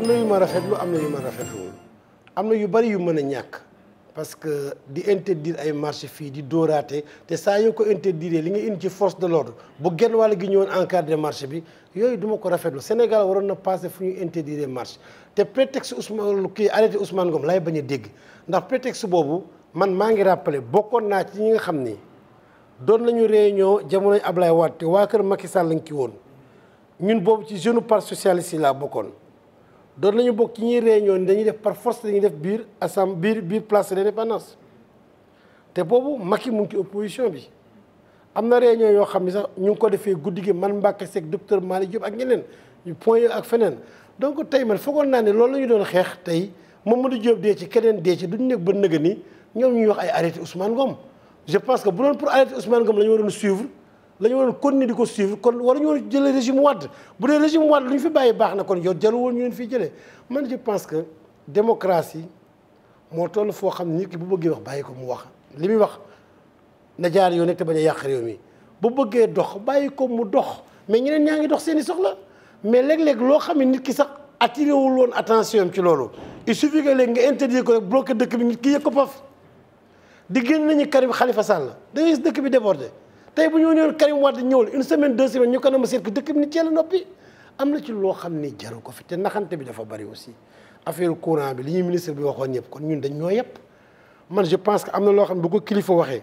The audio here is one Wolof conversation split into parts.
am na yu ma rafetlu am yu parce que di interdire ay marché fi di dorater te sa ko interdire li nga indi force de l'ordre bu genn wàll gi ñewon de marché bi yoy duma ko rafetlu Sénégal waron na passer fu interdire marché prétexte Ousmane ki arrêté Ousmane Ngom lay ndax prétexte bobu man ma ngi rappeler bokon na ci ñi nga xamni doon réunion jamonoy Ablaye une socialiste doon nañu bokk ci ñuy réunion ni dañuy def par force dañuy def biir assemblée biir biir place de l'indépendance te boobu Macky mu ngi ci opposition bi am na réunion yoo xam ne sax ñu ngi ko defee guddi gi man Mbacké Seck docteur Malick Diop ak ñeneen point ak feneen donc tey man foogoon naa ne loolu lañu doon xeex tey moom Mamadou Diop dee ci keneen dee ci duñu nekk ba nëga ni ñoom ñuy wax ay arrêté Ousmane Ngom je pense que bu doon pour arrêté Ousmane Ngom la ñu waroon suivre lañu la ñu kon continuer di ko suivre kon waruñu woon jëlee régime Wade bu dee régime Wade lu ñu fi bàyyi baax na kon yow jëlu woon ñu leen fii jëlee man je pense que démocratie moo toll foo xam nit ki bu bëggee wax bàyyi ko mu wax li wax na jaar yoon nekk te bañ yàq réew mi bu bëggee dox bàyyi ko mu dox mais ñeneen ñaa ngi dox seen i soxla mais léeg-léeg loo xam ne nit ki sax attiré wul woon attention am ci loolu il suffit que léegi nga interdire ko rek bloqué dëkk bi nit ki yëg ko paf di génn nañu Karim Khalifa Sall da ngay gis dëkk bi débordé tey bu ñu ñëwoon Karim Wade ñëwul une semaine deux semaines ñu ko nama seet ko dëkk a am na ci loo xam ne jaru ko fi te naxante bi dafa bari aussi affaire courant bi li ñuy ministre bi waxoon ñëpp kon ñun dañ ñoo yëpp man je pense que am na loo xam ne bu ko kilifa waxee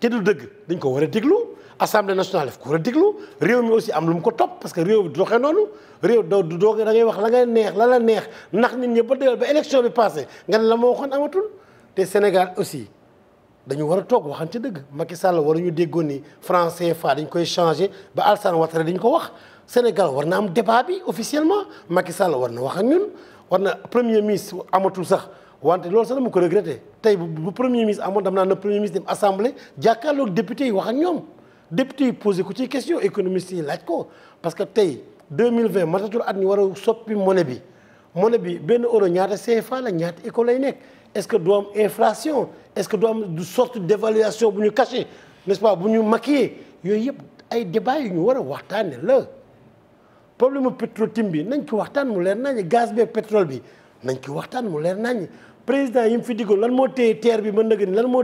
te du dëgg dañ ko war a déglu assemblée nationale daf ko war a déglu réew mi aussi am lu mu ko topp parce que réew bi doxee noonu réew doo doo da ngay wax la ngay neex la la neex ndax nit ñi ba déwén ba élection bi passé nga la ma waxoon amatul te Sénégal aussi dañu wara tok toog waxante dëgg Macky Sall war ñu déggoon ni franc dañ koy changer ba Alsan Ouattara dañ ko wax Sénégal war na am débat bi officiellement Macky Sall war na wax ak ñun war na premier ministre amatul sax wanté loolu sax dama ko regretté tay bu premier ministre amoon dama na premier ministre dem assemblée jàkkaarloog député wax ak ñom député yi posé ko ci question économiste yi laaj ko parce que tay 2020 matatul at ñu wara soppi monnaie bi monnaie bi ben euro ñaata CFA la ñaata éco lay est-ce que do am inflation est-ce que du une sorte d'évaluation bu nous caché n'est-ce pas bu nous maquillé yooyu yëpp ay débat yu ñu war a waxtaane problème du pétrole tim bi nañ ci waxtaan mu leer nañ gaz bi pétrole bi nañ ci waxtaan mu leer nañ président il mu fi que lan terre bi mën na gën lan moo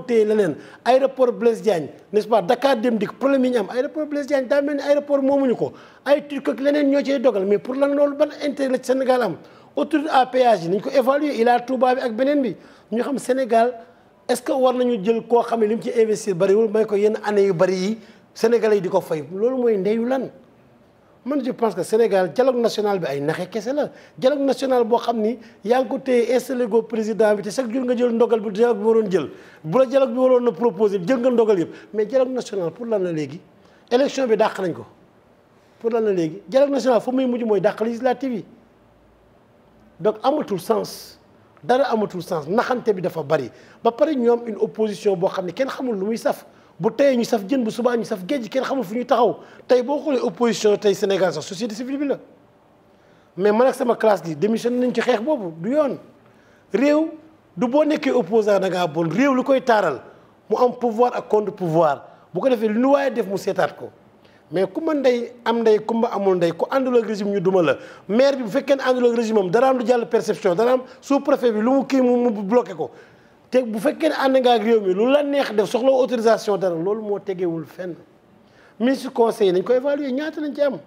aéroport Blaise Diagne n'est-ce pas Dakar Dem Dikk problème yi aéroport Blaise Diagne daa aéroport moomuñu ko ay turc ak leneen ñoo cay dogal mais pour lan loolu ban intérêt la Sénégal am autorité à péage ko évaluer il a Touba bi ak beneen bi ñu xam Sénégal. est-ce que war nañu jël koo xam ne li mu ci investir bariwul may ko yenn année yu bari yi Sénégalais yi di ko fay loolu mooy ndeyu lan man ci pense que Sénégal dialogue national bi ay naxee kese la dialogue national boo xam ni yaa ngi ko téye installé go président bi te chaque jour nga jël ndogal bi dialogue bi waroon jël bu la dialogue bi waroon na proposé jël nga ndogal yëpp mais dialogue national pour lan na léegi élection bi dàq nañ ko pour lan na léegi dialogue national fa muy mujj mooy dàq législative amatul sens dara amatul sens naxante bi dafa bari ba paré une opposition on xamné ne kenn xamul lu muy saf bu tay ñu saf jeun bu suba ñu saf géej kenn xamul fu ñuy taxaw tay train xolé opposition tay Sénégal sax société civile bi la mais man ak sama classe ci opposant pouvoir contre pouvoir mais ku ma ndey am ndey ku amul ndey ku àndul ak régime ñu duma la maire bi bu fekkee ne àndul ak régime am dana am lu jàll perception dana am sous préfet bi lu mu kii mu bloqué ko te bu fekkee ne ànd nga ak réew mi lu la neex def soxla autorisation dara loolu moo tegewul fenn ministre conseil nañ ko évaluer ñaata lañ ci am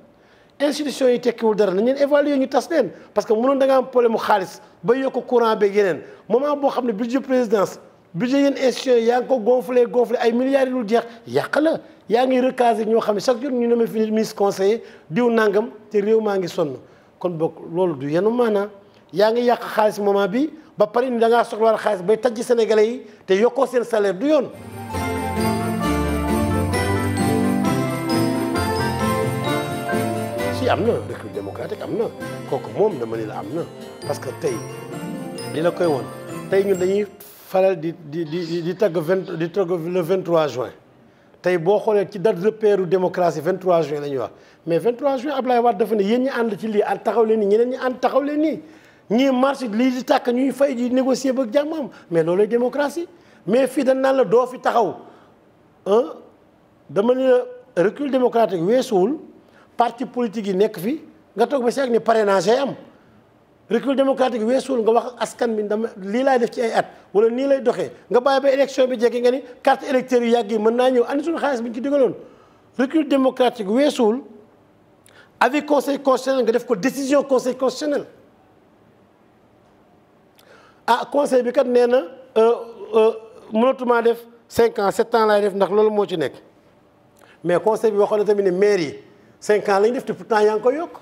institution yi tekkiwul dara nañ leen évaluer ñu tas leen parce que mënoon da nga am problème mu xaalis ba yokk courant beeg yeneen moment boo xam ne budget présidence budget yaa ngi ko gonflé gonflé ay milliards lu jeex yàq la yaa ngi recaser ñoo xam ne chaque jour ñu ne ma fi ministre conseiller diw nangam te réew maa ngi sonn kon boog loolu du yenu maanaa yaa ngi yàq xaalis moment bi ba pare ni da ngaa soxlawaat xaalis bay tajj sénégalais yi te yokkoo seen salaire du yoon. si am na recul démocratique am na kooku moom dama ni la am na parce que tey li la koy woon tey ñun dañuy. faral di di di di tagg vingt di tagg le 23 juin tay bo xolé ci date de repère démocratie 23 juin la wax mais 23 juin Ablaye wad def ne yéen ñi and ci li al taxaw leen nii ñeneen ñi and taxaw leen nii ñii marché lii di tak ñuy fay di négocier ba jammam mais loolu démocratie mais fi dañ naan la doo fi taxaw ah dama ne recul démocratique wessul parti politique yi nekk fi nga tok ba si ak ni parrainage am. recul démocratique weesuul nga wax askan bi dama lii laay def ci ay at wala nii lay doxee nga bàyyi ba élection bi jege nga ni carte électeur yu yàgg yi mën naa ñëw andi suñu xaalis bi ñu ci digaloon recul démocratique weesuul avec conseil constitutionnel nga def ko décision conseil constitutionnel ah conseil bi kat nee na euh, euh, mënatuma def cinq ans sept ans laay def ndax loolu moo ci nekk mais conseil bi waxoon ne tamit ne maire yi cinq ans lañu def te pourtant yaa yokk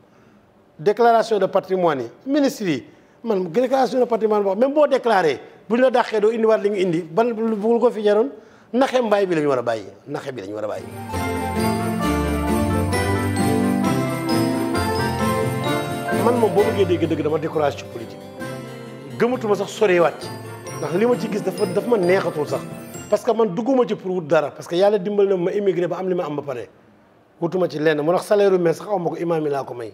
déclaration de patrimoine yi ministre yi man déclaration de patrimoine boo même boo déclaré bu ñu la dàqee doo indiwaat li nga indi ban bugul ko fi jaroon naxe mbaay bi la war a bàyyi naxe bi la war a bàyyi. man moom boo bëggee dégg dëgg dama décourage ci politique gëmatuma sax soreewaat ci ndax li ma ci gis dafa dafa ma neexatul sax parce que man dugguma ci pour wut dara parce que yàlla dimbal na ma immigré ba am li ma am ba pare wutuma ci lenn mu tax salaire u sax aw ma ko imaam yi laa ko may.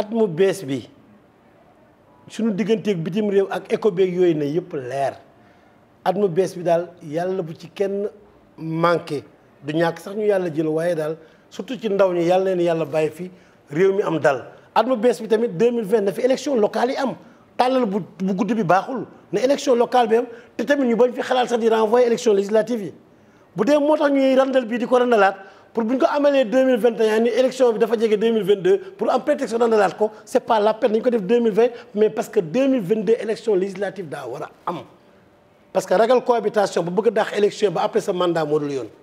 at mu bees bi suñu digganteeg bitim réew ak éco yooyu na yëpp leer at mu bees bi daal yàlla bu ci kenn manqué du ñàkk sax ñu yàlla jël waaye daal surtout ci ndaw ñi yàlla leen yàlla bàyyi fi réew mi am dal at mu bees bi tamit 2020 na fi élection locale yi am tàllal bu bu guddi bi baaxul ne élection locale bi am te tamit ñu bañ fi xalaat sax di renvoyer élection législative yi bu dee moo tax ñuy randal bii di ko randalaat pour que nous en 2021, l'élection de 2022, pour en prétexte dans le ce n'est pas la peine de 2020, mais parce que 2022, élection législative, d'avoir. Parce que la cohabitation, pour que l'élection, après ce mandat, nous